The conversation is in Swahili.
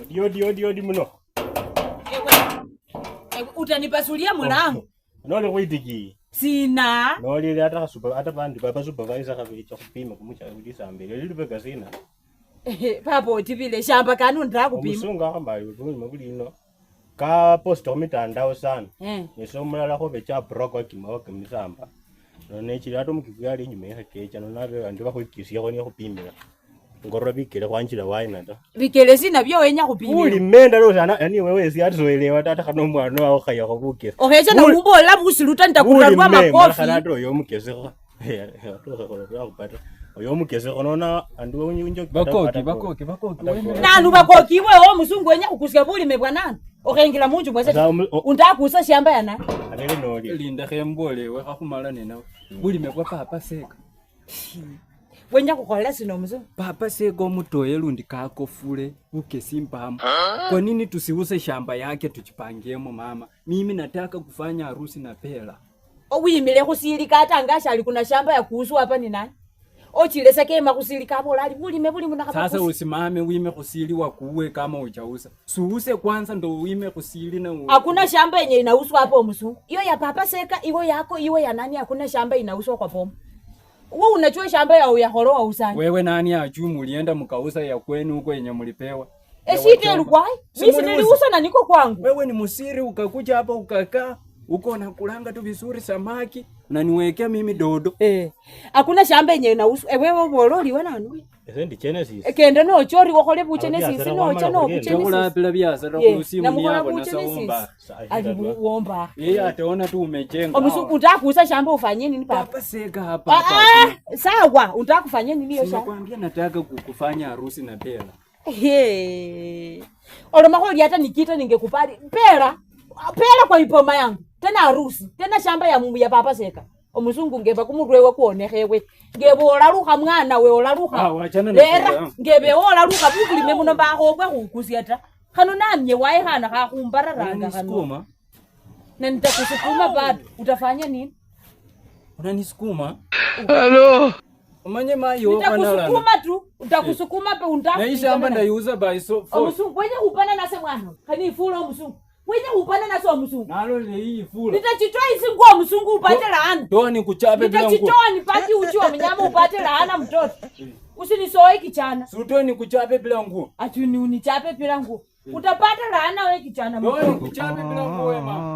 Odi odi odi odi muno. Eh, Utanipasulia oh, mlango? Nole kuidiki. Sina. Nole ile hata super hata pandi baba supervisor kabili cha kupima kumucha kujisa mbele. Lili pega sina. Eh, Papo tivile shamba kanu ndira kupima. Musunga kamba yulu mabuli ino. Ka posto mitandao sana. Eh. Nisomela la hobe cha broko kimao kimisamba. None chiri hata mukigari nyuma nona ndiba kuikisia kone kupimira ngorora bikele khwanjila waina ta vikele sina byo wenya menda ulimenda losana yani wewe si atoelewa tata kana okhecha ta ndakurira lwa makofi ate oyo omukesekho akhupata oyo omukesi khonona andu bakoki bakoki bakoki nandu bakoki iwe wo oh, musungu wenya khukusya bulime bwa nani okhengela munju mwese undakusa shamba yana linda khembole papa seka wenya kukholela sino mzo papa seko mutoye lundi kakofule ukesimbamo kwa nini tusiuse shamba yake tuchipangiemo mama mimi nataka kufanya harusi na pela owimile khusilika atanga shali kuna shamba ya kuhusu apa ni nani ochilesekema khusilika abolali bulime buli sasa usimame wime wa kuwe kama uchausa suuse kwanza ndo wime khusili na hakuna shamba yenye inauswa apo mzungu iyo ya papa seka iwo yako iwe ya nani hakuna shamba inauswa kwa pomo wewe unachua shamba ya wa usani. Wewe nani ajuu mulienda mkauza ya kwenu huko yenye mulipewa? E si telwai. Mimi niliuza na niko kwangu. Wewe ni musiri ukakuja hapa ukakaa uko kulanga tu vizuri samaki. Unaniwekea mimi dodo. Eh. Hakuna shamba yenye inahusu. Eh, wewe uborori wewe nani? Esendi Genesis. Eh, kende no chori wakole bu Genesis no cha no Genesis. Chakula bila biashara kwa simu ni hapo na saomba. Alimuomba. Yeye eh, ataona tu umejenga. omusu oh, unataka kuuza shamba ufanye nini papa? Papa sega hapa ah, ah, Sawa, unataka kufanya nini hiyo shamba? Nakwambia nataka kukufanya harusi na pera. He. Oromakoli hata nikita ningekupali pera. Pera kwa ipoma yangu tena harusi tena shamba ya mumu ya papa seka omuzungu ngeba kumurwewe kuonehewe ngeve olaluha mwana we olaluha ah, lera ngeve olaluha vukulime muno mbakhobwe khukusya ta khano namye waye khana khakhumbararanga khano na nitakusukuma oh. bado utafanya nini unanisukuma halo umanye mayo nitakusukuma tu utakusukuma pe undafu na ishamba ndaiuza by so omusungu wenye kupana nase mwana Kani ifula omusungu wewe upande na sio msungu. Nalo ni hii fula. Nitachitoa hizi nguo msungu upate laana. Ndio nikuchape bila nguo. Nitachitoa nipaki uchi wa mnyama upate laana mtoto. Usinisoe kichana. Sutoi nikuchape bila nguo. Ati unichape bila nguo. Eh. Utapata laana wewe kichana. Ndio nikuchape bila nguo mama.